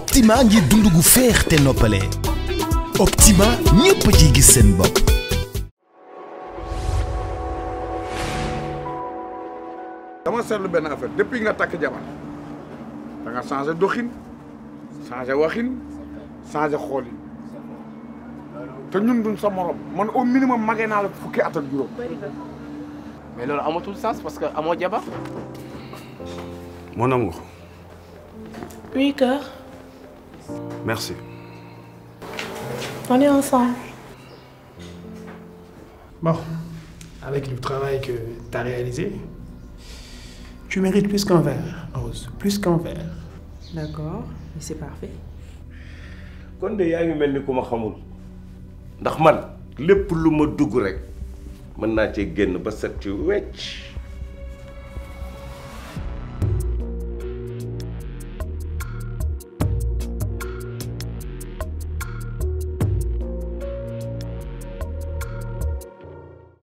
Optima gu Optima ñepp ci gis sen Comment dama ben affaire depuis nga tak jabar da nga changé doxin changé waxin changé xol te ñun duñ sa morom man au minimum magee la fukki at ak juróom. mais amatul sens parce que amo jabar. mon amour. oui cœur. Merci. On est ensemble. Bon, avec le travail que tu as réalisé, tu mérites plus qu'un verre, Rose, plus qu'un verre. D'accord, mais c'est parfait. Quand de